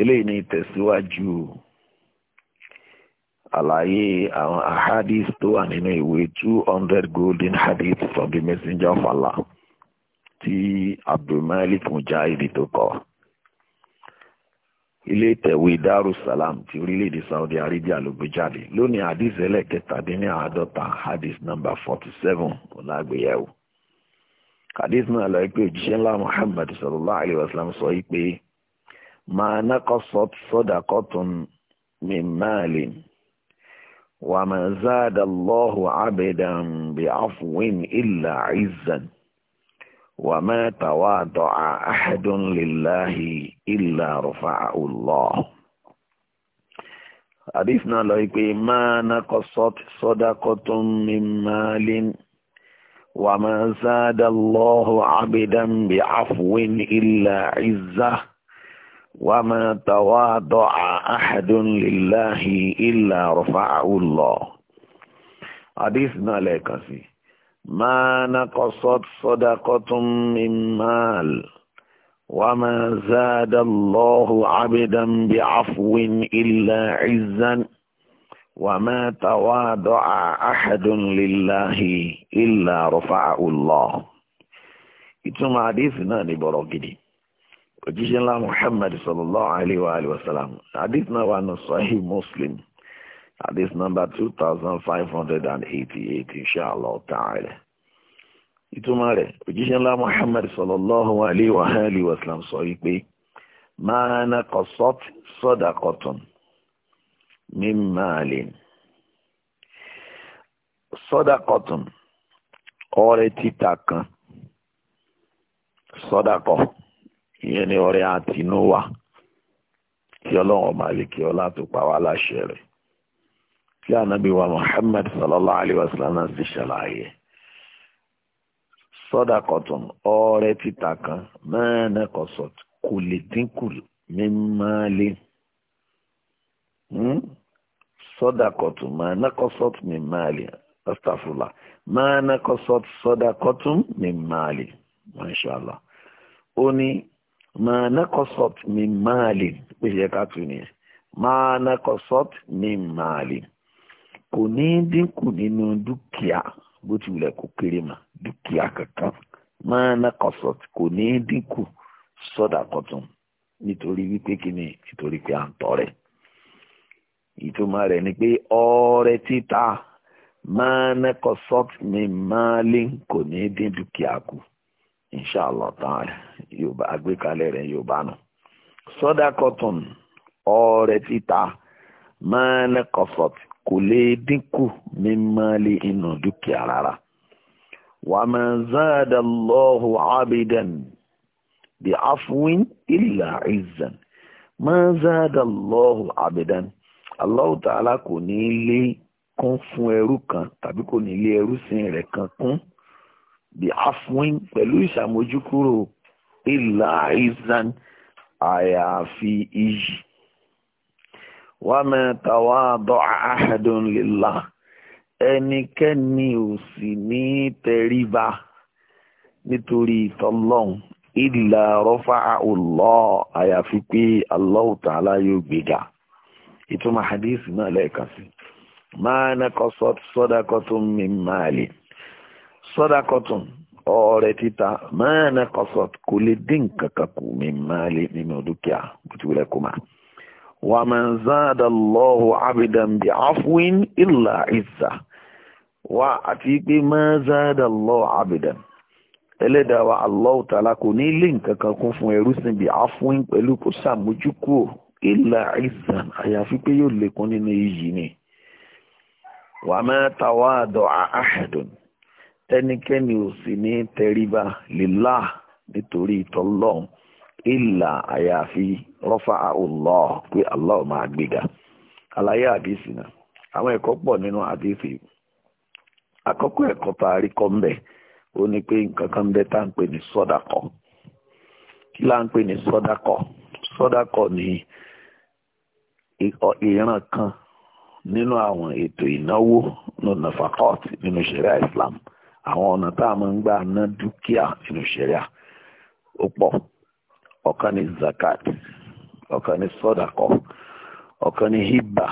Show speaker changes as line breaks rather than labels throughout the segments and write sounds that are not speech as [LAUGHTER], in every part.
eléyìí ni ìtẹ̀síwájú àlàyé àwọn ahadith tó wà nínú ìwé two golden hadith from the messenger of Allah tí abdulmalik mujahid tó kọ ilé ìtẹ̀wé darussalam ti orílẹ̀-èdè saudi arabia ló gbé jáde lónìí hadith ẹlẹ́kẹtàdínláàádọ́ta hadith number forty seven ọ̀làgbéyẹ̀wò hadith náà lọ pé òjíṣẹ́ ńlá muhammad sallallahu alayhi wa sallam sọ yìí pé. ما نقصت صدقة من مال وما زاد الله عبدا بعفو إلا عزا وما تواضع أحد لله إلا رفعه الله حديثنا لو ما نقصت صدقة من مال وما زاد الله عبدا بعفو إلا عزه وما تواضع أحد لله إلا رفعه الله حديثنا لك فيه ما نقصت صدقة من مال وما زاد الله عبدا بعفو إلا عزا وما تواضع أحد لله إلا رفعه الله ìtumọ̀ حديثنا náà ní òjíṣẹ́ ńlá muhammad sallallahu alayhi wa alayhi wa sallam hadith náà wà ní sahih muslim hadith number two thousand five hundred and eighty-eight inshallah ta'ala ìtumọ̀ rẹ̀ òjíṣẹ́ ńlá muhammad sallallahu alayhi wa alayhi wa sallam sọ wípé máa na kọsọ́t sọ́dàkọ́tún min maalin sọ́dàkọ́tún ọrẹ títà kan sọ́dàkọ́ ìyẹn ni ọ̀rẹ́ àtinúwà tí ọlọ́run máa lè kí ọlá tó pa wá láṣẹ rẹ̀ tí ànábì wa Muhammad sallallahu alayhi wa sallam náà sì ṣàlàyé sọ́dà kọ̀tùn ọrẹ títà kan náà náà kọ̀ sọ kò lè dínkù mímálé hmm? sọ́dà kọ̀tùn máa náà sọ mímálé astafula máa náà kọ̀ sọ sọ́dà kọ̀tùn mímálé masha Allah ó ní. ma nakosot min maalin pé ṣe ká tún nìyẹn ma nakosot min maalin kò ní dínkù nínú dúkìá bó ti wulẹ̀ kó kéré mà dúkìá kankan ma nakosot kò ní dínkù sọ́dà kọ̀tún nítorí wípé kíni nítorí pé à ń tọrẹ ìtumọ̀ rẹ̀ ni pé ọrẹ títa ma nakosot min maalin kò ní dín dúkìá inshallah ta'ala yorùbá àgbékalẹ̀ rẹ̀ yorùbá nù. sọ́dà cotton ọrẹ títa máa ń kò lè dínkù mímọ́ inú dúkìá rárá. wà máa abidan bí afuwin máa abidan ní kún fún ẹrú kan tàbí kò ní ẹrú bí afwin pẹ̀lú ìṣàmójúkúrò ìlà ìzan àyàfi iyì wà mẹ́tàwá àdọ́ àhàdùn lìlá ẹnikẹ́ni ò sì ní tẹríba nítorí ìtọ́lọ́hún ìlà rọ́fà Allah àyàfi pé Allah Ta'ala yóò gbéga ìtumọ̀ hadith náà lẹ́ẹ̀kan sí máa nakọ́sọ́dá kọ́tún min mali sọ́dàkọ̀tún ọ̀rẹ́ títa máa na kọ̀sọ̀t kò lè dín kankan kù mí máa lé nínú dúkìá bó ti wulẹ̀ kó ma. wà á máa ń záàdà lọ́hùn abidan bí afuwin ìlà ìzà wà àti pé máa záàdà lọ́hùn abidan ẹlẹ́dàá wa Allahu ta'ala kò ní lé nkankan kún fún ẹrú sìn bí afuwin pẹ̀lú kò sàmójúkú ìlà ìzà àyàfi pé yóò lékún nínú iyì ni. wà á máa tàwa àdọ̀ àhàdùn ẹnikẹ́ni ò sì ní tẹríba lílá nítorí ìtọ́lọ́hún ìlà àyàfi rọ́fà Allah pé Allah máa gbéga àlàyé àdìsí náà àwọn ẹ̀kọ́ pọ̀ nínú àdìsí àkọ́kọ́ ẹ̀kọ́ tá a rí kọ́ ńbẹ̀ ó ní pé nǹkan kan bẹ́ẹ̀ tá à ń pè ní sọ́dàkọ̀ kí là ń pè ní sọ́dàkọ̀ sọ́dàkọ̀ ní ìran kan nínú àwọn ètò ìnáwó nínú nafakọ́ọ̀tì nínú ṣẹ̀ríà Islam. No àwọn ọ̀nà tá a máa ń gbà ná dúkìá nínú ó pọ̀ ní zakat ọ̀kan ní sọ́dàkọ́ ọ̀kan ní hibba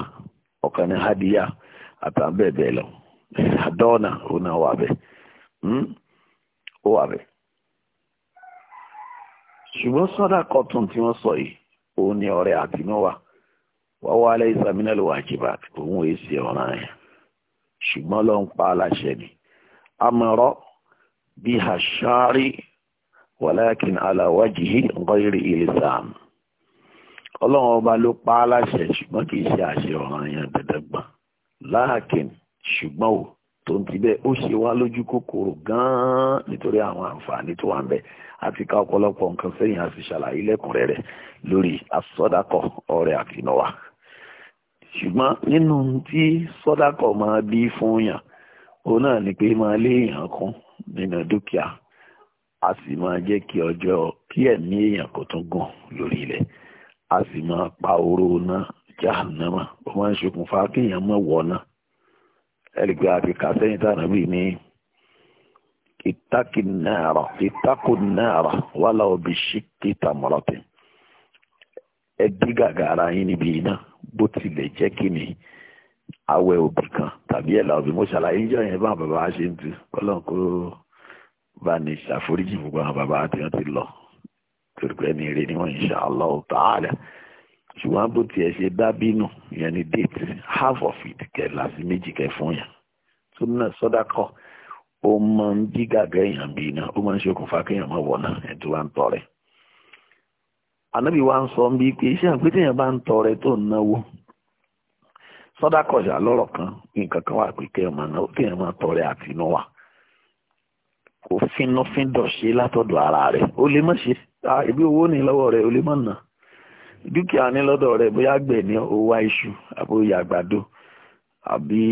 ọ̀kan ní hadiya àtàbẹ̀bẹ̀ lọ àdọ́nà òun náà wà bẹ́ẹ̀ hmm? ó wà bẹ́ẹ̀ ṣùgbọ́n sọ́dàkọ́ tún tí wọ́n sọ yìí ọ̀rẹ́ àtinúwà wọ́n wá alẹ́ ìsàmínà ló wà jìbà òun èsì ọ̀ràn ṣùgbọ́n pa amara biha ash-shari walakin ala wajhi ghayri ilzam ọlọ́run ọba ló pa á láṣẹ ṣùgbọ́n kì í ṣe àṣẹ ọ̀ràn yẹn gbẹdẹgbọ̀n láàkín ṣùgbọ́n ò tó ń ti bẹ́ẹ̀ ó ṣe wá lójú kòkòrò gan-an nítorí àwọn àǹfààní tó wà ń bẹ àti ká ọ̀pọ̀lọpọ̀ nǹkan sẹ́yìn ṣàlàyé lẹ́kùnrẹ́rẹ́ lórí ọrẹ òun náà ni pé máa lé èèyàn kún nínú dúkìá a sì máa jẹ́ kí ọjọ́ kí ẹ̀mí èèyàn kò tún gùn lórí ilẹ̀ a sì máa pa oró náà jahannama ó máa ń ṣokùnfà mọ̀ wọ̀ náà a ti kà sẹ́yìn ní ìtàkùnnáàrà ìtàkùnnáàrà wàlá òbí ara yín níbi iná bó tilẹ̀ jẹ́ ni. awẹ òbí kan tàbí ẹ̀là òbí mo ṣàlàyé ìjọ yẹn bá bàbá ṣe ń tu kọ́lọ́n kó bá ní ṣàforíjì fún àwọn bàbá tí wọ́n ti lọ torí pé ẹni rè ni wọ́n insha Allah ta'ala ṣùgbọ́n bó tiẹ̀ ṣe dábínú ìyẹn ni date half of it kẹlà sí méjì kẹ fún yàn tó náà sọ́dá kọ́ ó máa ń jí gàgà èèyàn bíi náà ó máa ń ṣokùnfà kéèyàn máa wọ̀ náà ẹ̀ tó bá ń tọrẹ ànábì wa ń sọ bí pé iṣẹ́ àgbẹ̀tẹ̀yàn bá ń tọrẹ tó ń náwó sọ́dákọ̀ṣà lọ́rọ̀ kan nǹkan kan wà pé kéèyàn máa náwó kéèyàn máa tọrẹ àtinúwà kò fínúfíndọ̀ ṣe látọ̀dọ̀ ara rẹ̀ o lè má ṣe ibi owó ní lọ́wọ́ rẹ̀ ó lè má nà dúkìá ní lọ́dọ̀ rẹ̀ bóyá gbẹ̀ ní owó iṣu àbóyá àgbàdo àbí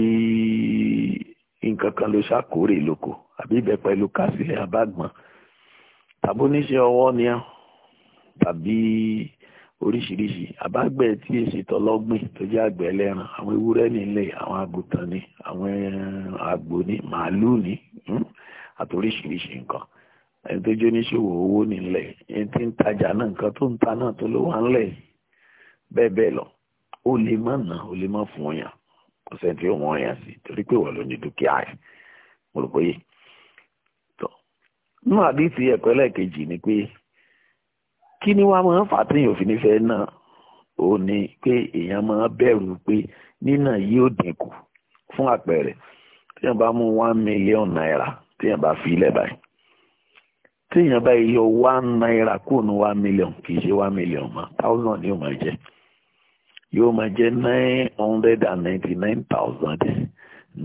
nǹkan kan ló ṣàkórè lóko àbí ibẹ̀ pẹ̀lú kásílẹ̀ àbágbọ̀n tàbí oníṣẹ́ ọwọ́ ni tàbí. Tabi oríṣiríṣi àbágbẹ̀ tí èsì tọlọ́gbìn tó jẹ́ àgbẹ̀ ẹlẹ́ran àwọn ewúrẹ́ nílé àwọn àgùntàn ni àwọn àgbò ni ni hmm, àti nǹkan ẹni tó jẹ́ oníṣòwò owó nílẹ̀ ẹni tí ń tajà náà nǹkan tó ń ta náà tó ló wà lọ ó lè má nà ó lè má fún ọyàn ó ọyàn sí torí pé ló ní dúkìá kí ni wọ́n máa ń fà tí èèyàn fi nífẹ̀ẹ́ náà ó ní pé èèyàn máa bẹ̀rù pé nínà yóò dínkù fún àpẹẹrẹ téèyàn bá mú one million naira téèyàn bá fi ilẹ̀ báyìí téèyàn bá yọ one naira kúrò ní one million kì í ṣe one million mọ́ thousand ni yóò máa jẹ́ yóò máa jẹ́ nine hundred and ninety nine thousand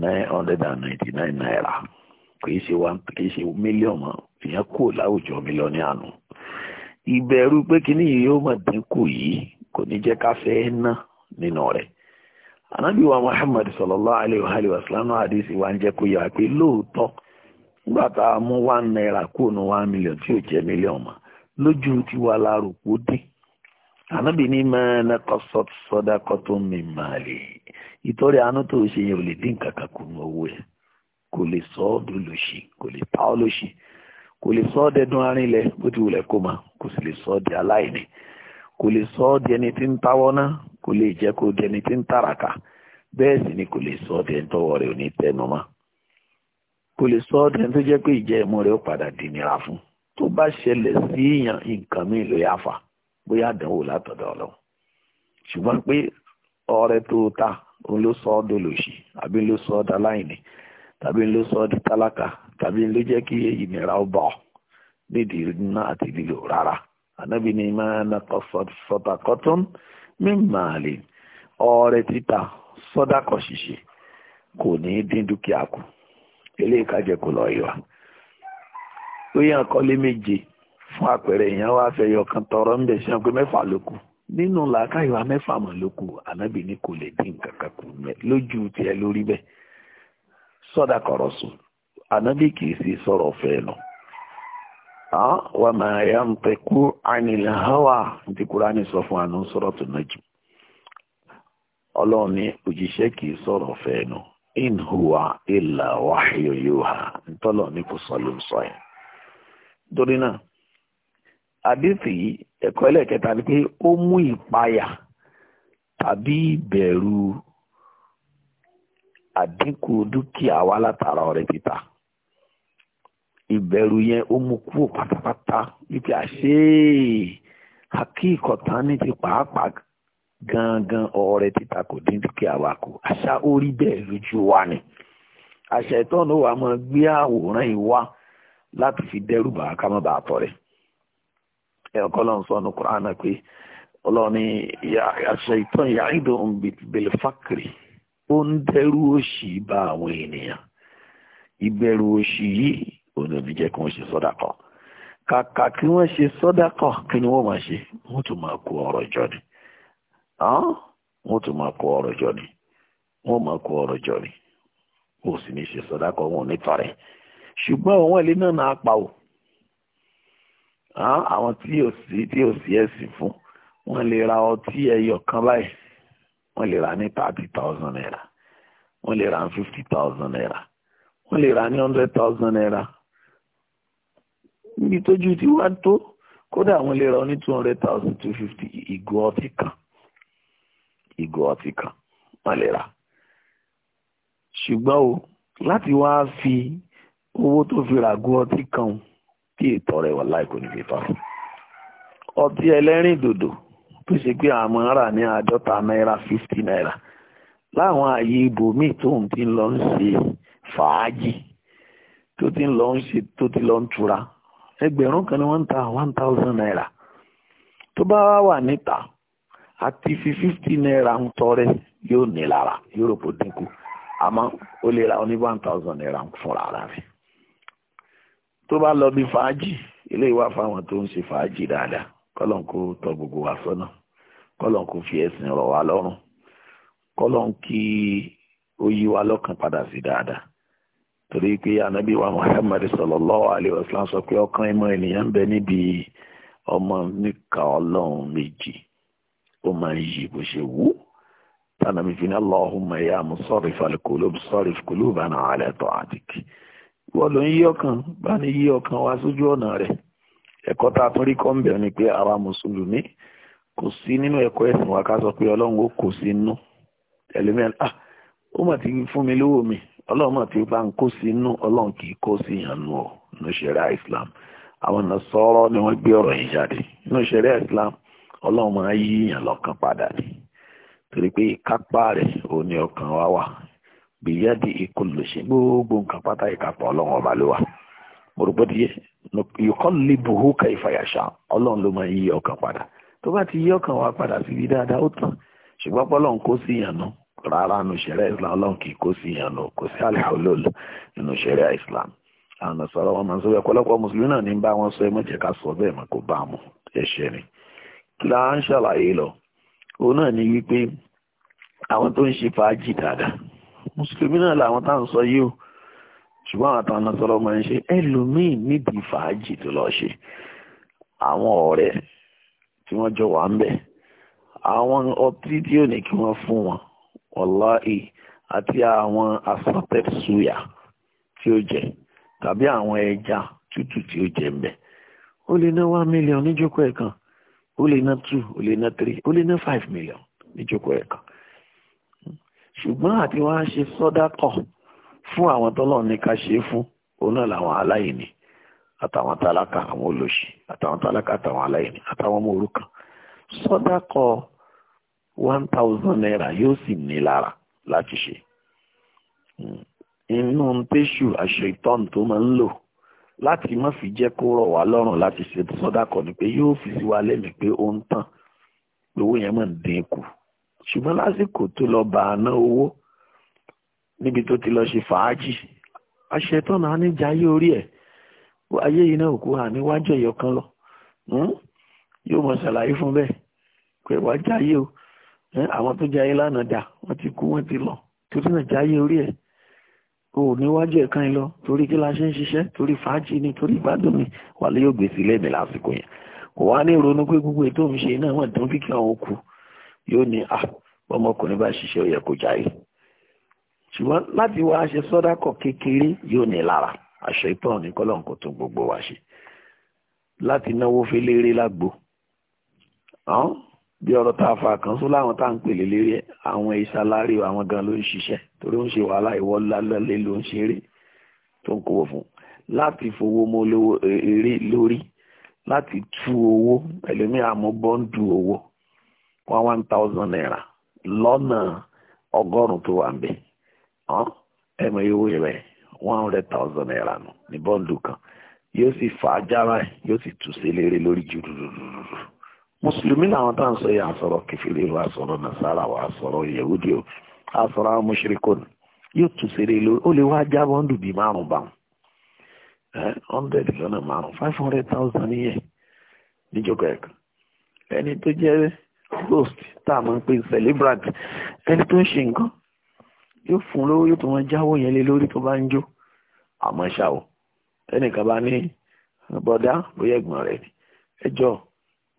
nine hundred and ninety nine naira kì í ṣe one kì í ṣe million mọ́ èèyàn kúrò láwùjọ mílíọ̀nù àná ìbẹ̀rù pé kíní yìí yóò o dínkù yìí kò ní jẹ́ ká fẹ́ ná nínú rẹ̀ wa muhammad sallallahu alayhi ali sallam hadisi wa ń jẹ́ kó yà pé lóòótọ́ nígbà tá a mú one naira kúrò million tí o jẹ́ million mọ́ lójú tiwa lárúkú dín anábì ní máa ná kọ́sọ́ sọ́dákọ́ tó mi máa lè ìtọ́rẹ àánú tó ṣe yẹn ò lè dín kankan kù ní owó ẹ̀ kò lè kò lè sọ ọ́ dẹdun arìnlẹ̀ bó ti ma kò sì lè sọ ọ́ di aláìní kò lè sọ ẹni tí ń táwọ́ náà kò lè jẹ́ kó di ẹni tí ń tàràkà bẹ́ẹ̀ ni kò lè sọ ọ́ di ẹni ò ní tẹnu kò lè jẹ́ pé ìjẹ́ ó padà di nira fún tó bá ṣẹlẹ̀ sí èèyàn nǹkan ló yá bóyá àdánwò látọ̀dọ̀ ṣùgbọ́n pé ta òun ló sọ ọ́ àbí ló sọ tàbí ló sọ ọ́ di tálákà tàbí ló jẹ́ kí ìnira ó bọ̀ nídìí iná àti lílo rárá ànábì ni máa ná kọ sọdakọtún mímà lè ọrẹ títà sọdakọ ṣíṣe kò ní dín dúkìá kù eléyìí kájẹ kò lọ yọ lóyè àkọlé méje fún àpẹẹrẹ èèyàn wá fẹ́ yọ kan tọrọ ń bẹ ṣe pé mẹ́fà ló kù nínú làákàyọ mẹ́fà mọ ló kù ànábì ni kò lè dín nǹkan kù lójú tiẹ̀ lórí bẹ́ẹ̀ sọ́dàkọ̀rọ̀ sùn ànábì kìí sì sọ̀rọ̀ fẹ́ lọ. wà máa yá ń pẹ̀kú ànilẹ̀ hawa ti sọ fún àánú Suratu Najm. ọlọ́run ní òjíṣẹ́ kìí sọ̀rọ̀ fẹ́ lọ. in huwa illa wahyu ha ntọ́lọ̀ ní kò sọ ló ń sọ yẹn. torí náà ẹ̀kọ́ ẹlẹ́kẹta ni pé àdínkù dúkìá wa látara ọrẹ títà ìbẹ̀rù yẹn ó mú kúrò pátápátá wípé àṣé akíkọ̀tà ní ti pàápàá gangan ọrẹ títà kò dín dúkìá wa kù àṣà ó rí bẹ́ẹ̀ lójú wa ni àṣà ìtọ́nù wa máa gbé àwòrán ìwá láti fi dẹ́rù bàá ká má bàa tọrẹ ẹ̀kọ́ lọ́n sọ ní Kùránà pé ọlọ́ni àṣà ìtọ́n yàrá ìdòhùn bìlfàkìrì ó ń dẹ́rù òṣì bá àwọn ènìyàn ìbẹ̀rù òṣì yìí òun ò ní jẹ́ kí wọ́n ṣe sọ́dàkọ̀ kàkà kí wọ́n ṣe sọ́dàkọ̀ kí ni wọ́n máa ṣe wọ́n tún máa kó ọrọ̀ jọ ni wọ́n tún máa kó ọrọ̀ jọ ni wọ́n máa kó ọrọ̀ jọ ni ó sì ní ṣe sọ́dàkọ̀ wọn ò ní tọrẹ ṣùgbọ́n òun ẹ̀lẹ́ náà náà pa ò àwọn tí ò sí ẹ̀sìn fún wọ́n lè ra ọtí ẹyọ kan báyìí wọ́n lè ra ní thirty thousand naira wọ́n lè ra ní fifty thousand naira wọ́n lè ra ní hundred thousand naira níbi tójú tí wàá tó kódà wọ́n lè ra ní two hundred thousand two fifty ìgò ọtí kan ìgò ọtí kan wọ́n lè ra ṣùgbọ́n o láti wá fi owó tó fi ràgó ọtí kan kí ètò rẹ̀ wà láì kò ní ọtí ẹlẹ́rìn dòdò tó ṣe pé àmọ́ rà ní àádọ́ta náírà fifty náírà láwọn ààyè ibòmíì tóun ti ń lọ ń ṣe fàájì tó ti lọ ń ṣe tó ti lọ ń tura ẹgbẹ̀rún kan ni wọ́n ń ta one thousand naira tó bá wà níta àti fi fifty naira ń tọrẹ yóò ní lára yúròpù dínkù àmọ́ ó lè ra oní one thousand naira fúnra ara rẹ̀ tó bá lọ bí fàájì ilé ìwà fáwọn tó ń ṣe fàájì dáadáa kọ́lọ́n kó tọ gbogbo wa sọ́nà kọ́lọ́n kò fi ẹ̀sìn rọ̀ wá lọ́rùn kọ́lọ́n kí ó yí wa lọ́kàn padà sí dáadáa torí pé anabi wa muhammad sallallahu alayhi wa sallam sọ pé ọkàn ìmọ̀ ènìyàn ń bẹ níbi ọmọ níka ọlọ́run méjì ó máa ń yí bó ṣe wù tànàmì fi ní allahumma ya musarrif al-qulub sarrif qulubana ala ta'atik wọ́n ló ń yí ọkàn bá ní yí ọkàn wá sójú ọ̀nà rẹ̀ ẹ̀kọ́ tá a tún rí kọ́ ń bẹ̀rẹ̀ ni pé ara mùsùlùmí kò sí nínú ẹ̀kọ́ ẹ̀sìn wa ká sọ pé ọlọ́run ó kò sí inú ẹlòmíràn ah ó mà ti fún mi lówó mi ọlọ́run mà ti bá ń kó sí inú ọlọ́run kì í kó sí ìyànnú ọ̀ nínú Islam àwọn ọ̀nà ni wọ́n gbé ọ̀rọ̀ yìí jáde nínú ọlọ́run máa yí ìyàn lọ́kàn padà ni torí pé ìkápá ní ọkàn wa wà bìyàdì ṣe tó bá ti yí ọkàn wa padà síbi dáadáa ó tàn ṣùgbọ́n pọ́lọ́n kó sí ìyànà rárá nu ṣẹ̀rẹ́ islam ọlọ́run kì í kó sí ìyànà kò sí alhaulol nínú ṣẹ̀rẹ́ islam àwọn nasara wọn máa ń sọ bẹ́ẹ̀ pọ́lọ́pọ́ mùsùlùmí náà ní bá wọn sọ ẹ mọ̀jẹ̀ ká sọ bẹ́ẹ̀ mọ̀ kó bá mu ẹ̀ṣẹ̀ ni kí la ń ṣàlàyé lọ òun náà ni wípé àwọn tó ń ṣe fàájì dáadáa mùsùlùmí náà làwọn tá à ń sọ yìí o ṣùgbọ́n àwọn àtàwọn nasara máa ń ṣe ẹlòmíì nídìí fàájì tó lọ ṣe àwọn ọ̀rẹ́ tí wọ́n jọ wà ń bẹ̀ àwọn ọtí tí ò ní kí wọ́n fún wọn wàláì àti àwọn assorted suya tí ó jẹ tàbí àwọn ẹja tútù tí ó jẹ ń bẹ̀ ó lè ná one million níjókòó ẹ̀ kan ó lè ná two ó lè ná three ó lè ná five million níjókòó ẹ̀ kan ṣùgbọ́n àti wọ́n á ṣe sọ́dákọ̀ fún àwọn tọ́lọ́ ní ká ṣe fún òun náà làwọn aláìní àtàwọn tálákà àwọn olóṣì àtàwọn tálákà àtàwọn aláìní àtàwọn ọmọ òrukàn sọdákọ one thousand naira yóò sì ní lára láti ṣe inú tẹ́ṣù àṣẹ ìtọ́n tó máa ń lò láti má fi jẹ́ kó rọ̀ wá lọ́rùn láti ṣe sọdákọ ni pé yóò fi sí wa lẹ́mìí pé ó ń tàn owó yẹn máa ń dín kù ṣùgbọ́n lásìkò tó lọ bá a ná owó níbi tó ti lọ ṣe fàájì àṣẹ ìtọ́nà á ní jayé orí ẹ̀ ayé yìí náà kú àní wá jẹ ìyọkan lọ hmm? yóò mọ ṣàlàyé fún bẹ́ẹ̀ pé wàá jáyé o hmm? àwọn tó jáyé lánàá dà wọ́n ti kú wọ́n ti lọ torí náà jáyé orí ẹ̀ o ò níwájú ẹ̀ kan lọ torí kí la ṣe ń ṣiṣẹ́ torí fàájì ni torí ìgbádùn ni wà lè yóò gbèsè lẹ́mí lásìkò yẹn kò wá ní ronú pé gbogbo ètò òun ṣe náà wọ́n tán kí kí àwọn kú yóò ní à ah, ọmọkùnrin bá ṣiṣẹ́ ó yẹ kó jáyé ṣùgbọ́n láti wá aṣẹ sọ́dákọ̀ kékeré yóò ní lára àṣetán ní kọ́lọ́n kò tún gbogbo wa ṣe láti náwó fẹ́lẹ́rẹ́ lágbo bí ọ̀rọ̀ tá a fa kan sún láwọn tá à ń pèlè lérí àwọn ìsalárí àwọn gan ló ń ṣiṣẹ́ torí ó ń ṣe wàhálà ìwọ lálẹ́ ló ń ṣeré tó ń kówó fún láti fowó mọ́ e, eré lórí láti tú owó ẹlòmíì àmọ́ bọ́ǹdù owó one one thousand naira lọ́nà ọgọ́rùn-ún tó wà ń bẹ̀ ẹ mọ̀ iye one hundred thousand naira nù ní bọ́ǹdù kan yóò sì fà á jára yóò sì tù sí eléré lórí jù rúrúrú mùsùlùmí làwọn tá à ń sọ yìí àsọ̀rọ̀ kẹfìrí o àsọ̀rọ̀ nasara o àsọ̀rọ̀ yehudi o àsọ̀rọ̀ àwọn mùṣírikò ni yóò tù sí eléré lórí ó lè wá já bọ́ǹdù bíi márùn bá wọn ẹni tó jẹ́ host tá a máa ń pè celebrant ẹni tó ń ṣe nǹkan yóò fún lówó yóò tó wọn jáwó yẹn lé lórí tó bá ń jó àmọ́ o ẹnìkan bá ní bọ̀dá bóyá ẹ̀gbọ́n rẹ̀ ni ẹjọ́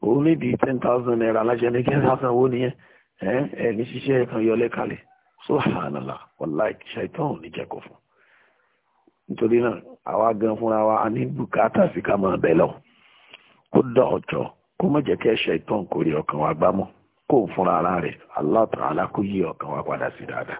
òun ten thousand naira láṣẹ ní ten thousand owó nìyẹn ẹ kan yọlé kalẹ̀ so wàláì ṣàìtàn ní jẹ́kọ̀ fún nítorí náà àwa gan fúnra wa a ní bùkátà sí ká máa bẹ̀ lọ kó dá ọjọ́ kó má jẹ́ kí ẹ ṣàìtàn ọkàn wa gbámọ́ kó fúnra ara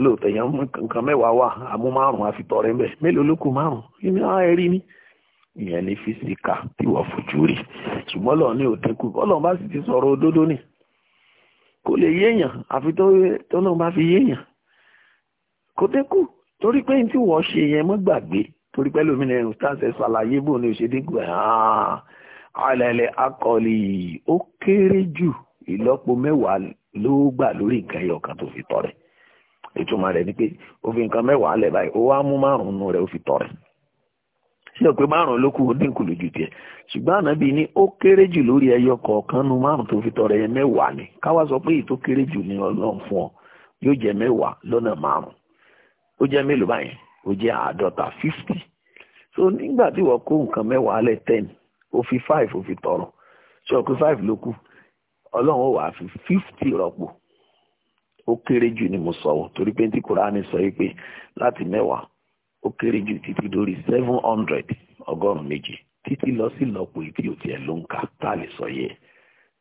lóòótọ́ èèyàn mú nǹkan mẹ́wàá wà àmú márùn-ún àfitọ́ rẹ̀ ń mélòó ló márùn-ún ìní àwọn ẹ̀rí ni ìyẹn ní físíkà tí wọ́n fojú rí ṣùgbọ́n lọ́ọ̀ ní òtẹ́kù bọ́lọ̀ bá sì ti sọ̀rọ̀ òdodo ni kò lè yéèyàn àfi tó náà bá fi yéèyàn kò tẹ́kù torí pé tí wọ́n ṣe yẹn mọ́ gbàgbé torí pé lómìnira ẹ̀rùn táṣẹ̀ ṣàlàyé bò ní òṣèdínkù alẹ́lẹ́ akọ̀lì ó ìlọ́po mẹ́wàá ló gbà lórí nǹkan ẹyọ kan tó fi tọrẹ ìtumọ̀ rẹ̀ ni pé o fi nǹkan mẹ́wàá lẹ̀ báyìí o wá mú márùn-ún rẹ̀ fi tọrẹ sí ọ̀pẹ márùn-ún ló kù dínkù lójú tiẹ̀ ṣùgbọ́n ànábì ní ó kéré jù lórí ẹyọ kọ̀ọ̀kan nu márùn tó fi yẹn mẹ́wàá ni káwá sọ pé ètò kéré jù ní ọlọ́run fún ọ yóò jẹ mẹ́wàá lọ́nà márùn ó mélòó ó àádọ́ta fifty so nígbà tí wọ́n kó nǹkan mẹ́wàá lẹ̀ ten ó fi five ó fi tọrọ five ló kù ọlọ́run ó wàá fi fifty ó kéré jù ni mo sọ ọ́ torí pé tí kùránì sọ yìí pé láti mẹ́wàá ó kéré jù títí dórí seven hundred ọgọ́rùn-ún méjì títí lọ sí lọ́pọ̀ ètí òtí ẹ̀ ló ń kà tá a lè sọ yẹ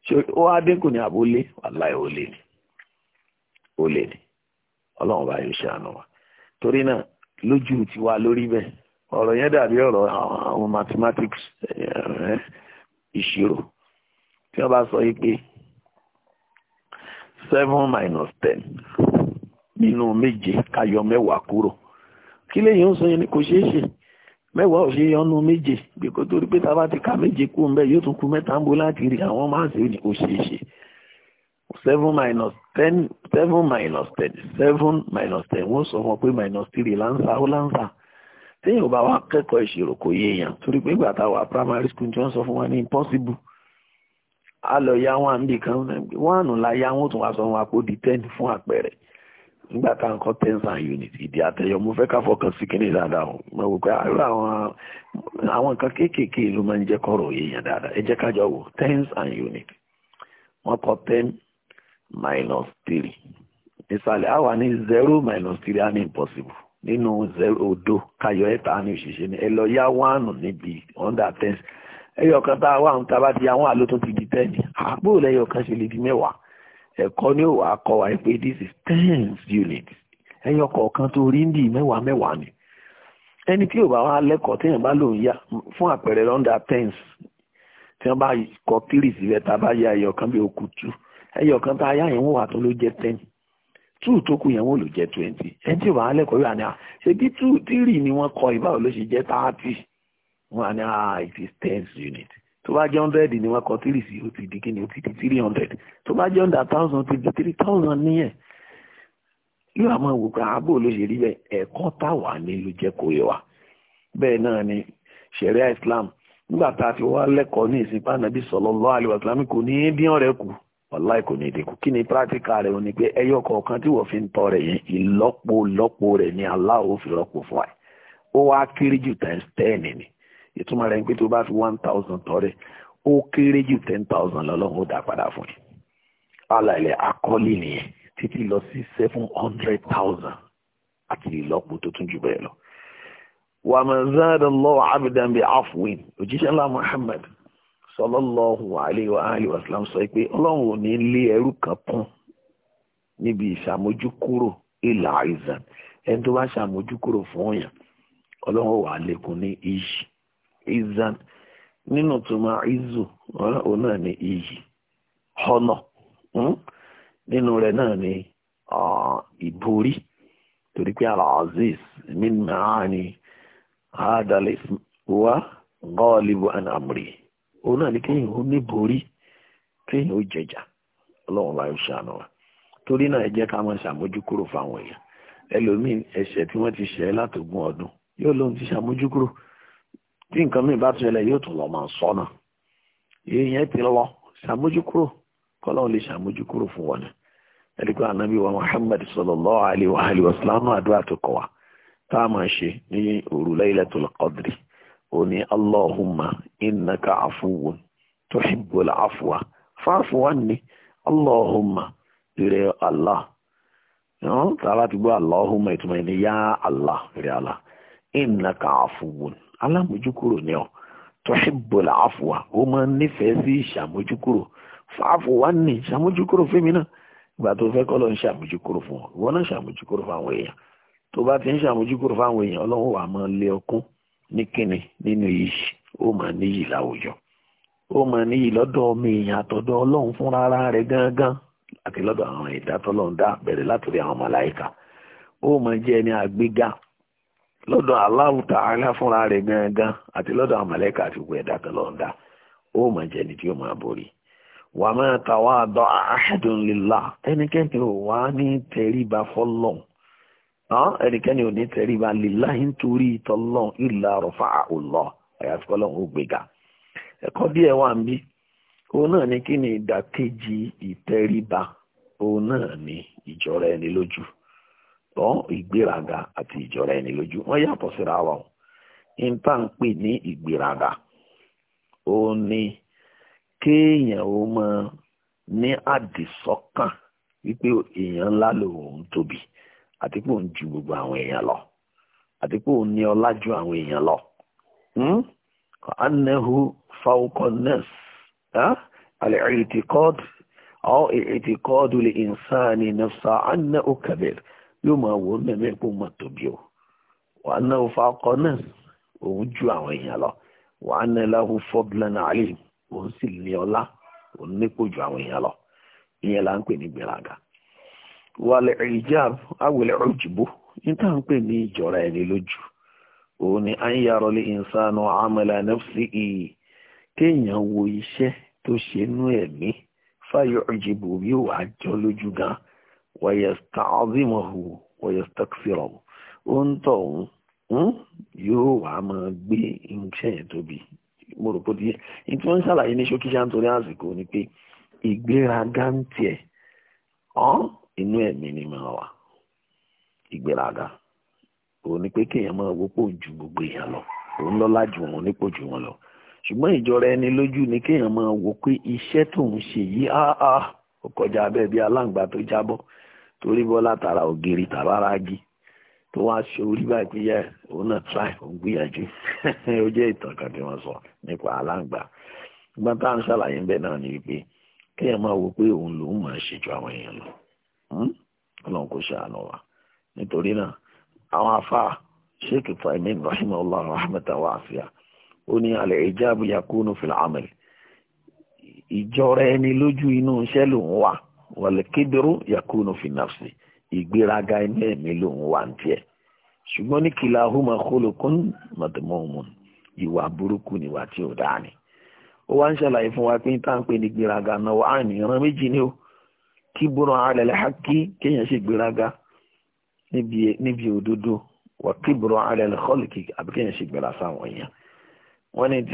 ṣé ó wá dínkù ní àbólé wàláì ó lè ní ó lè ní ọlọ́run bá yóò ṣàánú wa torí náà lójú tiwa lórí bẹ́ẹ̀ ọ̀rọ̀ yẹn dàbí ọ̀rọ̀ àwọn mathematics eh, ìṣirò tí wọ́n bá sọ yìí pé seven minus ten nínú méje ká yọ mẹ́wàá kúrò kí lèyìn ó sọ yẹn ni kò ṣeé ṣe mẹ́wàá ò ṣe yọnu méje gbèkó torí pé tá a bá ti ka méje kú ń yóò tún kú mẹ́ta ń bo láti rí àwọn máa ṣe ní kò ṣeé ṣe seven minus ten seven minus ten seven minus ten wọ́n sọ wọn pé minus three lánsá ó lánsá téèyàn bá wá kẹ́kọ̀ọ́ ìṣirò kò yé èèyàn torí pé ìgbà wà primary school tí wọ́n sọ fún wa ní impossible a lọ ya wọn àmì kan wọn ànú la ya wọn tún wá sọ wọn àpò di ten fún àpẹẹrẹ nígbà tá à ń kọ́ tens and units ìdí àtẹ̀yọ mo fẹ́ ká fọkàn sí kíní dáadáa o mo wò pé àrùn àwọn àwọn nǹkan kéékèèké ló máa ń jẹ́ kọ́rọ̀ èèyàn dáadáa ẹ jẹ́ ká jọ wò tens and units wọ́n kọ ten minus three ìsàlẹ̀ àwa ní zero minus three á impossible nínú zero odo káyọ̀ ẹ̀ta ní òṣìṣẹ́ ni ẹ lọ yá one níbi under tens ẹyọ kan tá a wà ń taba ti àwọn àlótún ti di ten àpò lẹyọ kan ṣe lè di mẹ́wàá ẹ̀kọ́ ni ó wà á kọ́ wa pé this is ten units ẹyọ kọ̀ọ̀kan tó rí ń di mẹ́wàá mẹ́wàá ni ẹni tí ò bá wà lẹ́kọ̀ọ́ téèyàn bá lòun yá fún àpẹẹrẹ under tens tí wọ́n bá kọ three sílẹ̀ tá a bá ya ẹyọ kan bí okùn two ẹyọ kan tá a yá yẹn wọ́n wà tó ló jẹ́ ten two tó kù yẹn wọ́n lò jẹ́ twenty ẹni tí ò bá wà lẹ́kọ̀ọ́ yóò wà ní à ṣe bí two three ni wọ́n kọ ìbáwò ló ṣe jẹ́ thirty wọ́n á ní ah it is ten unit tó bá jẹ́ hundred ni wọ́n kọ three sí ó ti di kíni ó ti di three hundred tó bá jẹ́ hundred thousand ó ti di three thousand níyẹn yóò àmọ́ wò pé ààbò ah, ló ṣe rí bẹ́ẹ̀ ẹ̀kọ́ táwa ni ló jẹ́ kó yẹ wa bẹ́ẹ̀ náà ni sharia islam nígbà tá a ti wá lẹ́kọ̀ọ́ ní ìsìn pàànàbí sallallahu alaihi wasallam kò ní í dín ọ̀rẹ́ kù wàláì kò ní í dínkù kí ni pírátíkà rẹ̀ òní pé ẹyọ kọ̀ọ̀kan tí wọ́n fi ń tọrẹ yẹn ìlọ́po lọ́po rẹ̀ ni Allah ó fi rọ́pò fún wa ó wá kéré jù times ten ni ìtumọ̀ rẹ̀ ń pé tó bá fi one thousand tọrẹ ó kéré jù ten thousand lọ́lọ́run ó dá padà fún yín alàlẹ́ àkọ́lé nìyẹn títí lọ sí seven hundred thousand àti ìlọ́po tó tún jù bẹ́ẹ̀ lọ. wà á máa záàdà lọ́wọ́ abidan bíi afwin òjíṣẹ́ ńlá Muhammad sallallahu alayhi wa alayhi wa sallam sọ pé ọlọ́run ò ní lé ẹrú kan kún níbi ìṣàmójúkúrò ìlà àìsàn ẹni tó bá ṣàmójúkúrò fún òyàn ọlọ́run wà á lékún ní ìyì izan nínú túmọ̀ izu òun náà ni iyì ọ̀nà hmm? nínú rẹ̀ náà ni ìborí torí pé al-aziz min maani adalis wa gọ́ọ̀lìbù anamri òun náà ni kéyìn ó ní borí kéyìn ó jẹjà ọlọ́run láyé ṣàánú wa torí náà ẹ jẹ́ ká máa ṣàmójúkúrò fáwọn èèyàn ẹlòmíín ẹsẹ̀ tí wọ́n ti ṣẹ̀ látògún ọdún yóò lóun ti ṣàmójúkúrò tí nǹkan mìíràn bá tún ṣẹlẹ̀ yóò tún lọ máa sọ́nà èèyàn ti lọ ṣàmójúkúrò kọ́lọ́hún lè ṣàmójúkúrò fún wọn ẹ̀ríkọ́ ànábì wa Muhammad sallallahu alaihi wa alihi wa sallam àdúrà tó kọ́ wa tá a máa ṣe ní òru Laylatul Qadri ó ní Allahumma innaka afuwun tuhibbul afwa fa'fu anni Allahumma ìrẹ́ Allah tààrà ti gbọ́ Allahumma ìtumọ̀ ẹni yá Allah ìrẹ́ Allah innaka afuwun alámójúkúrò ni ọ tuhibbul afwa ó máa ń nífẹ̀ẹ́ sí ìṣàmójúkúrò fàáfù wá ní ìṣàmójúkúrò fèmí náà ìgbà tó fẹ́ kọ́ lọ ń ṣàmójúkúrò fún ọ ìwọ náà ṣàmójúkúrò fáwọn èèyàn tó bá ti ń ṣàmójúkúrò fáwọn èèyàn ọlọ́run wà máa lé ọkún ní kíni nínú iyì ó máa níyì láwùjọ ó máa níyì lọ́dọ̀ ọmọ èèyàn àtọ̀dọ̀ ọlọ́run fúnra ara rẹ̀ gángan àti lọ́dọ̀ àwọn ìdátọ́lọ́run bẹ̀rẹ̀ látòrí àwọn màláìka ó máa jẹ́ ẹni àgbéga lọ́dọ̀ Allahu Ta'ala fúnra rẹ̀ gangan àti lọ́dọ̀ àmàlẹ́kà àti gbogbo ẹ̀dá kan lọ́ọ̀dá ó mọ̀ jẹ́ ni tí ó máa borí wà máa ẹnikẹ́ni ò wá ní tẹríba ẹnikẹ́ni ò ní tẹríba nítorí àyàfi gbéga ẹ̀kọ́ wà ń bí òun náà ni kí ni ìdàkejì ìtẹríba òun náà ni tán ìgbéraga àti ìjọra ẹni lójú wọ́n yàtọ̀ síra wa o n tá n pè ní ìgbéraga ó ní kéèyàn ó máa ní àdìsọ́kàn wípé èèyàn ńlá lòun tóbi àti pé òun ju gbogbo àwọn èèyàn lọ àti pé òun ní ọlá ju àwọn èèyàn lọ hmm? anahu nafsa yóò máa wò ó mẹ́mẹ́ pò mọ̀ tóbi o wà á ná ọkọ náà òun ju àwọn èèyàn lọ wà á ná lahu fadlan alim òun sì ní ọlá òun àwọn èèyàn lọ ìyẹn là ń pè ní gbéraga wàlẹ̀ ìjáàb awìlẹ̀ òjìbó ń pè ní ìjọra ni à ń yàrá lé kéèyàn wo iṣẹ́ tó ṣe nú ẹ̀mí fáyọ̀ òjìbó yóò wọ̀yẹ̀stàzìmọ̀hù wọ̀yẹ̀stàkṣìrọ̀hù ó ń tọ̀ hmm, ọ́n yóò wá máa gbé iṣẹ́ yẹn tóbi mo rò pé díẹ̀ ní tí wọ́n ń ṣàlàyé ní ṣókí ṣáà nítorí àsìkò ni pé ìgbéraga ń tiẹ̀ ọ́n inú ẹ̀mí ni máa wà ìgbéraga òun ni pé kéèyàn máa wọ́pọ̀ ju gbogbo èèyàn lọ òun lọ́lá jù wọn nípò jù wọn lọ ṣùgbọ́n ìjọra ẹni lójú ni kéèyàn máa wò pé iṣẹ́ tóun ṣe yìí áá ó kọjá abẹ́ bíi aláǹgbá tó jábọ́ torí bọ́ látara ògiri tàbárágí tó wá ṣe orí báyìí pé yẹ òun náà try òun gbìyànjú [LAUGHS] ó jẹ́ ìtàn kan tí wọ́n sọ nípa aláǹgbá gbọ́n tá à ń ṣàlàyé ń bẹ̀ náà ni wípé kéèyàn máa wo pé òun lòun máa ń ṣèjú àwọn èèyàn lọ hmm? ọlọ́run kò ṣàánú wa nítorí náà àwọn afáà sheikh taimin rahimahullah rahmatan wasi'a ó ní al-ijabu yakunu fil amal ìjọra ẹni lójú inú iṣẹ́ lòun wà wàlẹ́kẹ́dẹ́rú yakunu fi nafsi ìgbéraga inú ẹ̀mí lòun wà ní tiẹ̀ ṣùgbọ́n ní kìlá huma kólókún mọ̀tòmọ́ọ̀mù ìwà burúkú níwà tí ò dáa ni ó wá ń ṣàlàyé fún wa pé tá à ń pè ní gbéraga náà wà ní ìran méjì ni ó kí búrọ̀ alẹ́lẹ́ hákí kéèyàn ṣe gbéraga níbi òdodo wà kí búrọ̀ alẹ́lẹ́ họ́lùkì àbí kéèyàn ṣe gbéra sáwọn èèyàn wọ́n ní tí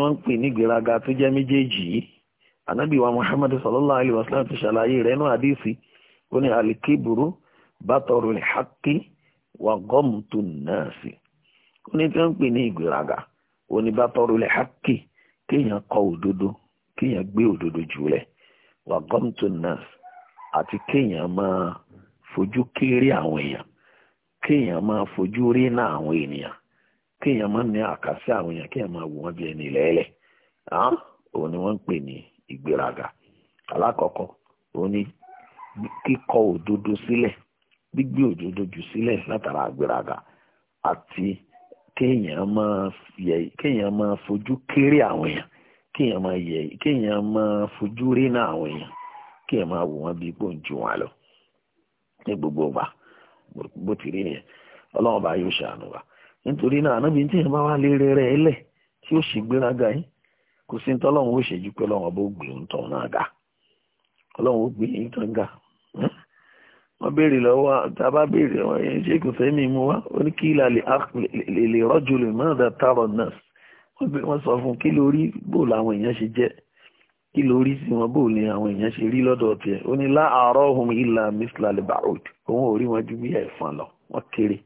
wọ́n ń pè ní gbéraga tó jẹ́ méjèèjì yìí Anabi wa muhammadu sallallahu alaihi wa sallam ti ṣàlàyé rẹ̀ nínú àdísì ó ní alikiburu bátọrù ìhàkí wà gọ́mùtù náàsì ó ní tí wọ́n ń pè ní ìgbéraga ó ní bátọrù ìhàkí kéèyàn kọ òdodo kéèyàn gbé òdodo jùlẹ̀ wà gọ́mùtù náàsì àti kéèyàn máa fojú kéré àwọn èèyàn kéèyàn máa fojú rí náà àwọn ènìyàn kéèyàn máa ní àkàsí àwọn èèyàn máa wọ́n bí ẹni lẹ́lẹ̀ òun ni ìgbéraga alákọ̀ọ́kọ́ òun ni kíkọ òdodo sílẹ̀ gbígbé òdodo jù sílẹ̀ látara àgbéraga àti kéèyàn máa máa fojú kéré àwọn èèyàn kéèyàn máa máa fojú rí náà àwọn èèyàn kéèyàn máa wò wọ́n bíi lọ ní gbogbo ọba bó ti rí nìyẹn ọlọ́run bá yóò ṣàánú wa nítorí náà ànábi tí èèyàn kò sí tọ́lọ́run ó ṣèjú pé ọlọ́run ọba ó gbé ohun tọ̀hún náà ga ọlọ́run ó gbé yín tán ga hmm? wọ́n béèrè lọ́wọ́ tá a bá béèrè wọ́n yẹn ṣé kò fẹ́ mi mú wa ó ní kí ilà lè rọ́jò lè má da tààrọ̀ náà wọ́n sọ fún kí lórí bò làwọn èèyàn ṣe jẹ́ kí lórí sí wọn bò ní àwọn èèyàn ṣe rí lọ́dọ̀ tiẹ̀ ó ní láàárọ̀ ohun ìlà mislalibahud òun ò rí wọn ju bí ẹ̀fọn lọ wọ́n kéré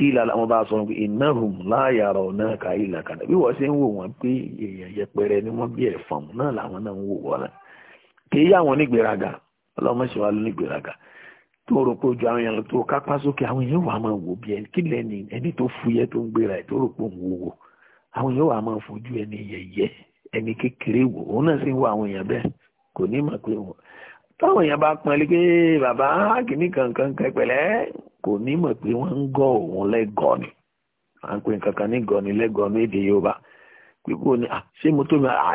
kí ìlànà wọn bá sọ pé innahum la yaronaka illa kana bí wọ́n ṣe ń wò wọ́n pé èèyàn yẹpẹrẹ ni wọ́n bí ẹ̀fọn náà làwọn náà ń wò wọ́n náà kì í yá àwọn onígbèraga ọlọ́mọ ṣe wá lónígbèraga tó rò pé ojú àwọn èèyàn tó kápá sókè àwọn èèyàn wà máa wò bí ẹni kí lẹ́ni ẹni tó fúyẹ́ tó ń gbéra ẹ̀ tó rò pé òun wò àwọn èèyàn wà máa fojú ẹni yẹ̀yẹ́ ẹni kékeré wò òun náà sì ń táwọn èèyàn bá pọn lé pé bàbá kìíní kankan kẹpẹlẹ kò ní pé wọ́n ń òun à ń pè kankan ní ni ní èdè yorùbá pípò ni ṣé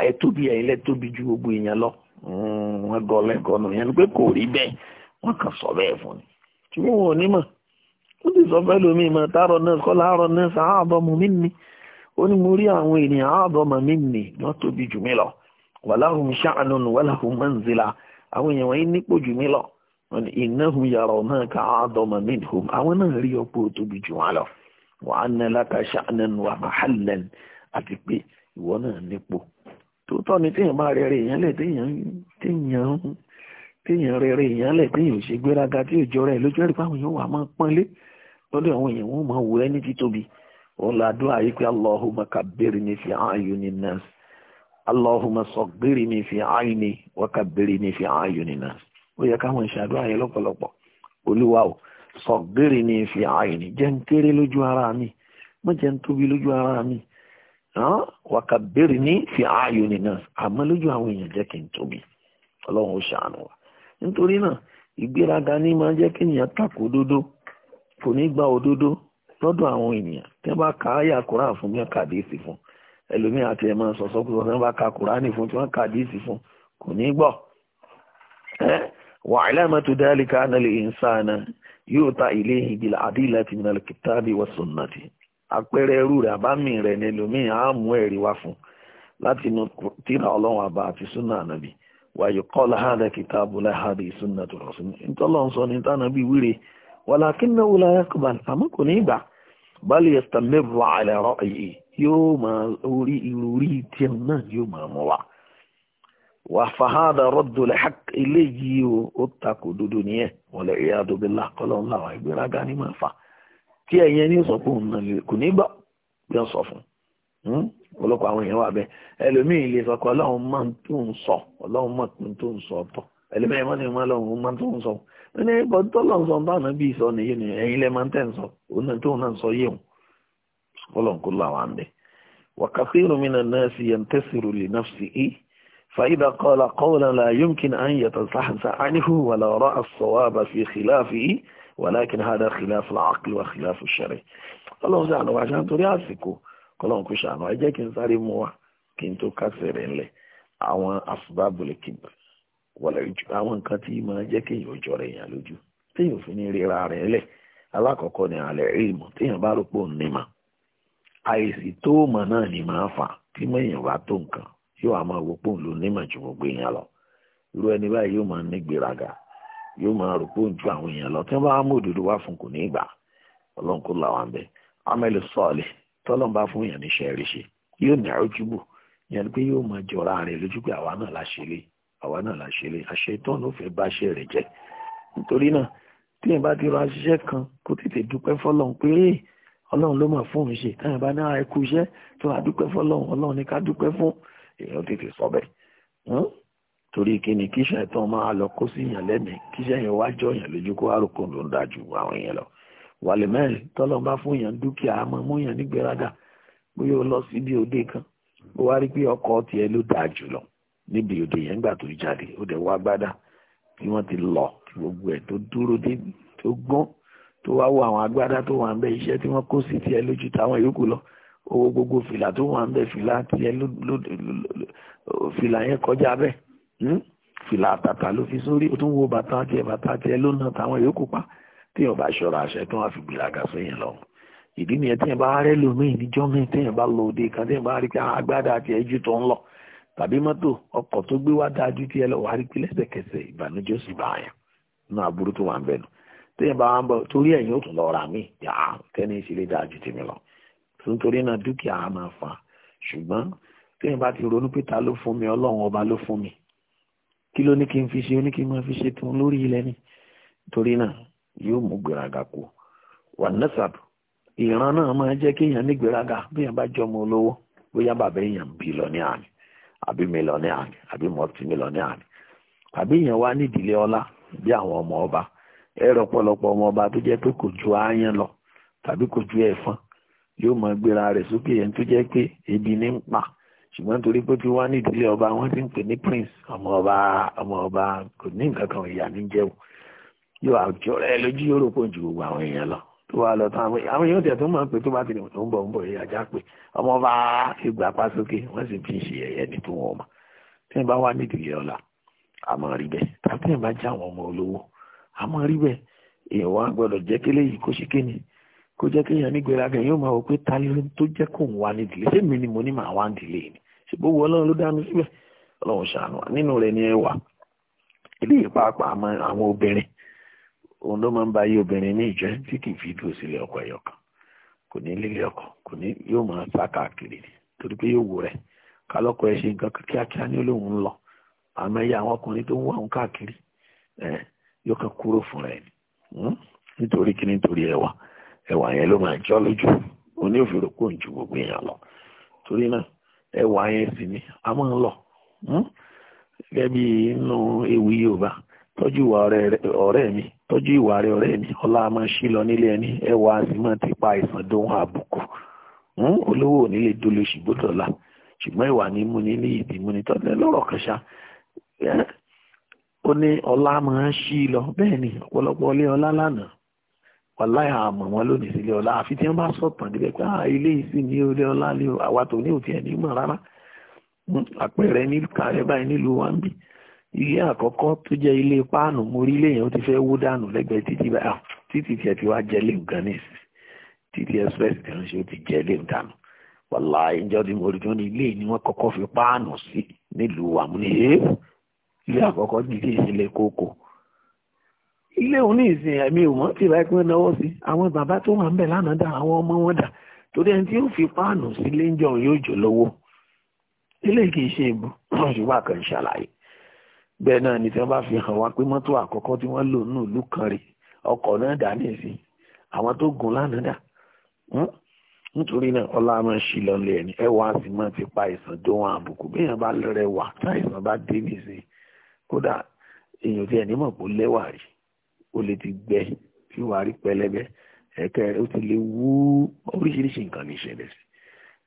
ẹ tóbi lẹ tóbi ju gbogbo èèyàn lọ hmm, wọ́n gọ́ lẹ́gọ́ nù yẹn ni pé kò rí sọ fún ni wọn ò ní mọ̀ ó sì sọ fẹ́ lómi ìmọ̀ tààrọ̀ náà kọ́ láàárọ̀ náà sàáàbọ̀ mí ni ó ní mo rí àwọn ènìyàn mí ni àwọn èèyàn wọ̀nyí nípò jù mí lọ innahum yarawnaka a'dama minhum àwọn náà rí ọ̀pọ̀ tóbi jù wọn lọ wa anna laka sha'nan wa mahallan àti pé ìwọ náà nípò tóótọ́ ni téèyàn bá rẹ̀rẹ̀ èèyàn lẹ̀ téèyàn téèyàn téèyàn èèyàn lẹ̀ téèyàn ṣe gbéraga tí òjò rẹ̀ lójú ẹ̀rí fáwọn èèyàn wà máa pọ́nlé lọ́dọ̀ àwọn èèyàn wọn máa wò ẹni títóbi òun làdúrà yìí pé Allahumma kabbirni fi a'yunin nas Allahumma sagbirni fi ayni wa kabbirni fi ayunina ó yẹ káwọn ìṣàdúrà yẹn lọ́pọ̀lọpọ̀ olúwa o sagbirni fi ayni jẹ́ ń kéré lójú ara mi mo jẹ́ ń tóbi lójú ara mi wa kabbirni fi ayunina àmọ́ lójú àwọn èèyàn jẹ́ kí n tóbi ọlọ́run ó ṣàánú wa nítorí náà ìgbéraga ní máa jẹ́ kí ènìyàn tako òdodo kò ní gba òdodo lọ́dọ̀ àwọn ènìyàn tí bá ka ẹlòmíì àti ẹ̀mọ́ sọ̀sọ́ kó sọ̀sọ́ bá ka kùránì fún tí wọ́n ka díìsì fún kò ní gbọ́. wà á lẹ́mọ̀ tó dá yóò ta ilé ìdílé àdílẹ̀ ti nàlẹ́ kìtàbí wà sunnati. ẹrú rẹ̀ àbámi rẹ̀ ni ẹlòmíì á ẹ̀rí wá fún láti inú tíra ọlọ́run àbá àti súnà ànàbì wà yóò kọ́ láhàdà kìtàbù láhàdà ìsúnà tó bal yastamirru ala ra'yi yóò máa orí ìròrí tiẹ̀ náà yóò máa mú wa wà fàhádà raddul haqq eléyìí o ó takò dodo nìyẹn wọlé iyadu billah kọ́lọ́ ńlá wa ìgbéraga ní máa fà tí ẹ̀yẹn ní sọ pé òun náà lè kò ní gbà bí wọ́n sọ fún un hmm? ọlọ́pàá àwọn èèyàn wà bẹ́ẹ̀ ẹlòmíì lè sọ pé ọlọ́run máa tó ń sọ ọlọ́run máa tó ń sọ ọ̀tọ̀ ẹlòmíì máa ń tó ń sọ ní bọ́ńtọ́lọ̀ sọ báwọn bí sọ nìyẹn ni ẹ̀yin lẹ́ẹ̀ máa ń tẹ̀ ń sọ òun tó náà sọ yé òun kọ́lọ̀n kó làwọn àmì wàkàtí ìrùmínà náà sì yẹn tẹ́sìrò lè náà sí i فإذا قال قولا لا يمكن أن يتصحصح عنه ولا رأى الصواب في خلافه ولكن هذا خلاف العقل وخلاف الشرع ọlọ́run ṣàánú wa ṣáà torí àsìkò kọlọ́run kò ṣàánú ẹ jẹ́ kí n sáré mú wa kí n tó kásẹ̀ rẹ̀ àwọn asbabul kibr wọlé àwọn nǹkan tí máa jẹ́ kéèyàn ò jọra èèyàn lójú téèyàn fi ní ríra rẹ̀ lẹ̀ alákọ̀ọ́kọ́ ni àlẹ́ ìmọ̀ téèyàn bá rò pé òun àìsí tó mọ̀ náà ni máa fà tí mọ̀ èèyàn bá tó nǹkan yóò wá máa wo pé òun ló nímọ̀ ju gbogbo èèyàn lọ irú ẹni báyìí yóò máa ní gbéraga yóò máa rò pé òun ju àwọn èèyàn lọ tí wọ́n bá mú òdodo wá fún kò ní ìgbà ọlọ́run kò là àwa náà la ṣe lé àṣẹ ìtọ́n ló fẹ́ bá ṣe rẹ̀ jẹ́ nítorí náà tí èèyàn bá ti rọ aṣiṣẹ́ kan kó tètè dúpẹ́ fọlọ́n pé ọlọ́run ló mà fún òun ṣe táyà bá náà ah, ẹkú iṣẹ́ tó a dúpẹ́ fọlọ́run ọlọ́run ní ká dúpẹ́ fún èèyàn tètè sọ bẹ́ẹ̀ torí kíni kíṣẹ́ ìtọ́n máa lọ kó sí yàn lẹ́mìí kíṣẹ́ yẹn wá jọ yàn lójú kó àròkọ ló ń dájú àwọn èèyàn lọ wàlẹ̀ mẹ́rin tọ́lọ́ bá fún yàn dúkìá àmọ́ mú yàn nígbéraga bóyá o lọ síbi òde kan ó wá rí pé ọkọ̀ tiẹ̀ ló dáa jùlọ níbi odò yẹn gbà tó jáde ó dẹ̀ wá gbádà tí wọ́n ti lọ gbogbo ẹ̀ tó dúró dé tó gbọ́n tó wá wo àwọn agbádá tó wà ń bẹ iṣẹ́ tí wọ́n kó sí tiẹ̀ lójú táwọn yòókù lọ owó gbogbo fìlà tó wà ń bẹ fìlà tiẹ̀ fìlà yẹn kọjá bẹ́ẹ̀ hmm? fìlà àtàtà ló fi sórí ó tún wo bàtà tiẹ̀ bàtà tiẹ̀ ló na táwọn yòókù pa tí yẹn bá ṣọ́ra àṣẹ tó wà fi gbìlàgà sẹ́yìn lọ ìdí nìyẹn tí yẹn bá rẹ lómi ìníjọ́ mi tí yẹn bá lọ òde kan tí yẹn bá rí pé ah, agbádá tiẹ̀ ju tó ń lọ tàbí mọ́tò ọkọ̀ tó gbé wá dájú tí ẹ lọ wá rí pé lẹ́sẹ̀kẹsẹ̀ ìbànújẹ́ òsì bá yẹn nínú aburú tó wà ń bẹ̀nu téèyàn bá wà ń bọ̀ torí ẹ̀yìn ó tún lọ rà mí yà á tẹ́ni ìṣẹ̀lẹ̀ dájú tèmi lọ nítorí náà dúkìá á máa fa ṣùgbọ́n téèyàn bá ti ronú pé ta ló fún mi ọlọ́run ọba ló fún mi kí ló ní kí n fi ṣe oní kí n máa fi ṣe tún lórí ilẹ̀ ni torí náà yóò mú gbéraga kú wà nẹ́sàbù ìran náà máa jẹ́ kéèyàn ní gbéraga bí èèyàn bá jọmọ olówó bóyá bàbá èèyàn bí lọ ní àná àbí mílíọ̀nìà ni àbí mọ̀tì mílíọ̀nìà ni àbí èèyàn wá nídìílé ọlá bí àwọn ọmọ ọba ẹ̀rọ ọ̀pọ̀lọpọ̀ ọmọ ọba tó jẹ́ pé kò ju aáyán lọ tàbí kò ju ẹ̀fọn yóò mọ gbéra rẹ̀ sókè yẹn tó jẹ́ pé ebi ní ń pa ṣùgbọ́n torí pé tí wọ́n ní ọba wọ́n ti ń pè ní prince ọmọ ọba ọmọ ọba kò ní nǹkan kan ìyá ní jẹun yóò àjọ rẹ lójú yóò rò pé ju gbogbo àwọn èèyàn lọ tó wà lọ tán àwọn èèyàn tẹ̀ tó mọ̀ pé tó bá ti lè tó ń bọ̀ ń bọ̀ èyí ajá pé ọmọ bá ìgbà pa sókè wọ́n sì fi ń ṣe ẹ̀yẹ ní tó wọn mọ̀ tí wọ́n bá wà nídìí ọ̀la àmọ́ rí bẹ́ẹ̀ tàbí ẹ̀ bá já àwọn ọmọ olówó àmọ́ rí bẹ́ẹ̀ èèyàn wá gbọ́dọ̀ jẹ́ kélé yìí kó ṣe kéne kó jẹ́ kéèyàn nígbéraga yóò máa wò pé ta ló tó jẹ́ kóun wá wa nínú rẹ̀ ni ẹ wà eléyìí òun ló máa ń ba ayé obìnrin ní ìjẹ́ tí kì í fi dúró sílé ọkọ ẹ̀yọ̀ kan kò ní lílé ọkọ kò ní yóò máa sá káàkiri ni torí pé yóò wò rẹ̀ kálọ́kọ ẹ̀ ṣe nǹkan kíákíá ní olóhùn ń lọ àmọ́ ẹ̀yà àwọn ọkùnrin tó ń wá òun káàkiri yóò kàn kúrò fún rẹ̀ hmm? nítorí kí nítorí ẹwà ẹwà yẹn ló máa jọ́ lójú gbogbo èèyàn lọ torí náà ẹwà yẹn sì ni a máa ń lọ hmm? gẹ́gẹ́ bí inú ewì Yorùbá tọ́jú ọ̀rẹ́ tọ́jú ìwà rẹ̀ ọ̀rẹ́ mi ọlá a máa ṣí lọ nílé ẹni ẹwà a sì máa ti pa àìsàn dóhun àbùkù hmm, olówó ò ní lè dolo ṣùgbọ́dọ̀ la ṣùgbọ́n ìwà ní múni ní ìdí múni tọ́jú lọ́rọ̀ kan ṣá ó ní ọlá máa ṣí lọ bẹ́ẹ̀ ni ọ̀pọ̀lọpọ̀ ilé ọlá lánàá wàláì àmọ̀ wọn lónìí sílé ọlá àfi tí wọ́n bá sọ̀tàn débẹ̀ pé à ah, ilé ìsìn ní ilé ọlá ni àwa tòní òtí ẹ̀ ní mọ̀ rárá hmm, àpẹẹrẹ ní kàrẹ́ báyìí nílùú wa ń bì ilé àkọ́kọ́ tó jẹ́ ilé páànù mo rí ilé yẹn ó ti fẹ́ wó dànù lẹ́gbẹ̀ẹ́ títí bá ah, títí tiẹ̀ ti wá jẹ́ léwu gan nísì títí express kan ṣe ó ti jẹ́ léwu dànù wàlá ìjọ tí mo rí tí wọ́n ní ilé ni wọ́n kọ́kọ́ fi páànù sí nílùú àmúni èèwù ilé àkọ́kọ́ ní ilé ìṣẹ̀lẹ̀ kókò ilé òun ní ìsìn ẹ̀mí ò mọ́ tí ìbáyé pé náwó sí àwọn bàbá tó wà ń bẹ̀ lánàá dà àwọn ọmọ [CLEARS THROAT] bẹ́ẹ̀ náà ni tí wọ́n bá fi hàn wá pé mọ́tò àkọ́kọ́ tí wọ́n lò nínú ìlú kan rè ọkọ̀ náà dà ní ìsìn àwọn tó gùn lánàá dà hmm? nítorí náà ọlá máa ń ṣí lọlé ẹni ẹwà sì máa ti pa ìsàn tó wọn àbùkù bí èèyàn bá rẹwà táìsàn bá dé nìsín kódà èèyàn tí ẹni mọ̀ pé lẹ́wà rí ó lè ti gbẹ tí wàá rí pẹlẹbẹ ẹ̀kẹ́ rẹ̀ ó ti lè wú oríṣiríṣi nǹkan lè ṣẹlẹ̀ sí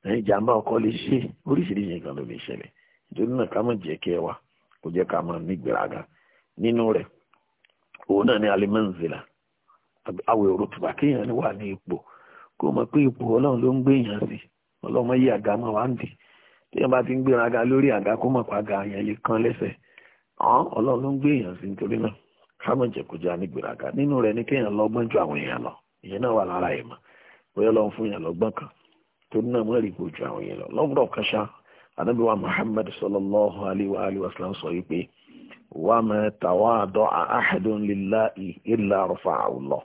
ẹ̀yìn ìjàmbá ọkọ̀ lè ṣe oríṣiríṣi nǹkan ló lè ṣẹlẹ̀ nítorí náà ká má jẹ́ kí ẹ kò jẹ́ ká máa aga nínú rẹ̀ òun náà ni alimanzila awẹ òrùtùbà kéèyàn ni wà ní ipò kó mọ̀ pé ipò ọlọ́run ló ń gbé èèyàn sí ọlọ́mọ yí àga ń dì téèyàn bá ti ń lórí àga kó mọ̀ lè lẹ́sẹ̀ ọlọ́run ló ń gbé èèyàn sí nítorí náà nínú rẹ̀ ni kéèyàn lọ́gbọ́n ju àwọn èèyàn lọ ìyẹn náà wà lára bóyá kan torí náà rí ànábì wa muhammad sallallahu alaihi wa alihi wa sallam sọ yìí pé wa ma tawada'a ahadun lillahi illa rafa'ahu Allah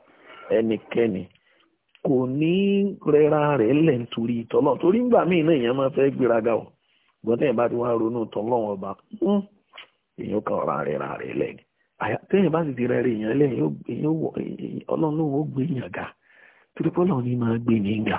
kò ní rẹra rẹ̀ lẹ̀ nítorí tọ́lọ̀ torí ńgbà míì náà èèyàn máa gbéraga o gbọ́dọ̀ yẹn bá ti wá ronú tọ́lọ́wọ́n ọba hmm, èèyàn kan ra rẹra ni bá sì ti èèyàn ga máa ga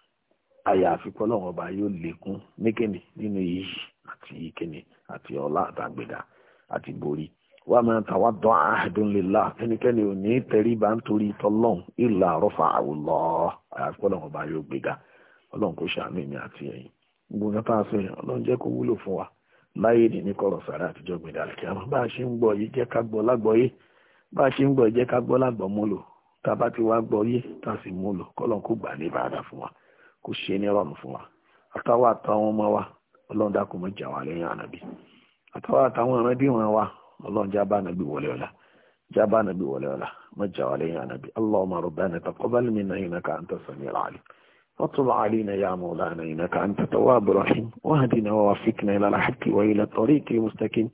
àyàfi pọ́lọ́wọ́n ọba yóò lékún níkẹ́ni nínú iyì àti ìkẹ́ni àti ọlá àtàgbẹ̀dà àti borí wà á máa tàwa dán àádùn lélá ẹnikẹ́ni ò ní tẹrí bá ń torí tọ́lọ́n ìlà àrọ́fà àwòlọ́ àyàfi pọ́lọ́wọ́n ọba yóò gbéga ọlọ́run kò ṣàánú èmi àti ẹ̀yin gbogbo nǹkan tá a sọ yẹn ọlọ́run jẹ́ kó wúlò fún wa láyé ní ní kọ̀rọ̀ sàrà àtijọ́ gbẹ̀dẹ̀ àlùkìyàmọ́ bá a ṣe ń gbọ́ yìí jẹ́ ká gbọ́ lágbọ́yé bá a ṣe ń gbọ́ yìí jẹ́ ká gbọ́ lágbọ́ mú lò tá bá ti wá gbọ́ yé tá sì mú lò kọ́lọ́n kó gbà ní ìbáradà fún wa. kò ṣe ní rọrùn fún wa àtàwọn àtàwọn ọmọ wa ọlọ́run dákun jà wà lẹ́yìn lẹ́yìn ànábì àtàwọn àtàwọn ànábì wọn wa ọlọ́run jábá ànábì wọlé ọ̀la bá wole wọlé ọ̀la mọ̀ mọ́ jà wá lẹ́yìn ànábì allahumma rabbana taqabbal minna innaka anta samiul alim وطب علينا يا مولانا إنك أنت تواب رحيم واهدنا ووفقنا إلى الحق وإلى الطريق المستقيم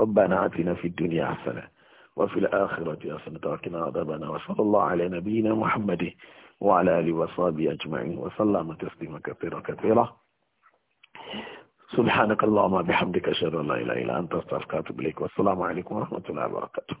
ربنا آتنا في الدنيا حسنة وفي الآخرة حسنة وقنا عذابنا وصلى الله على نبينا محمد وعلى آله وصحبه أجمعين وسلم تسليما كثيرا كثيرا سبحانك اللهم بحمدك أشهد أن لا إله إلا أنت أستغفرك وأتوب إليك والسلام عليكم ورحمة الله وبركاته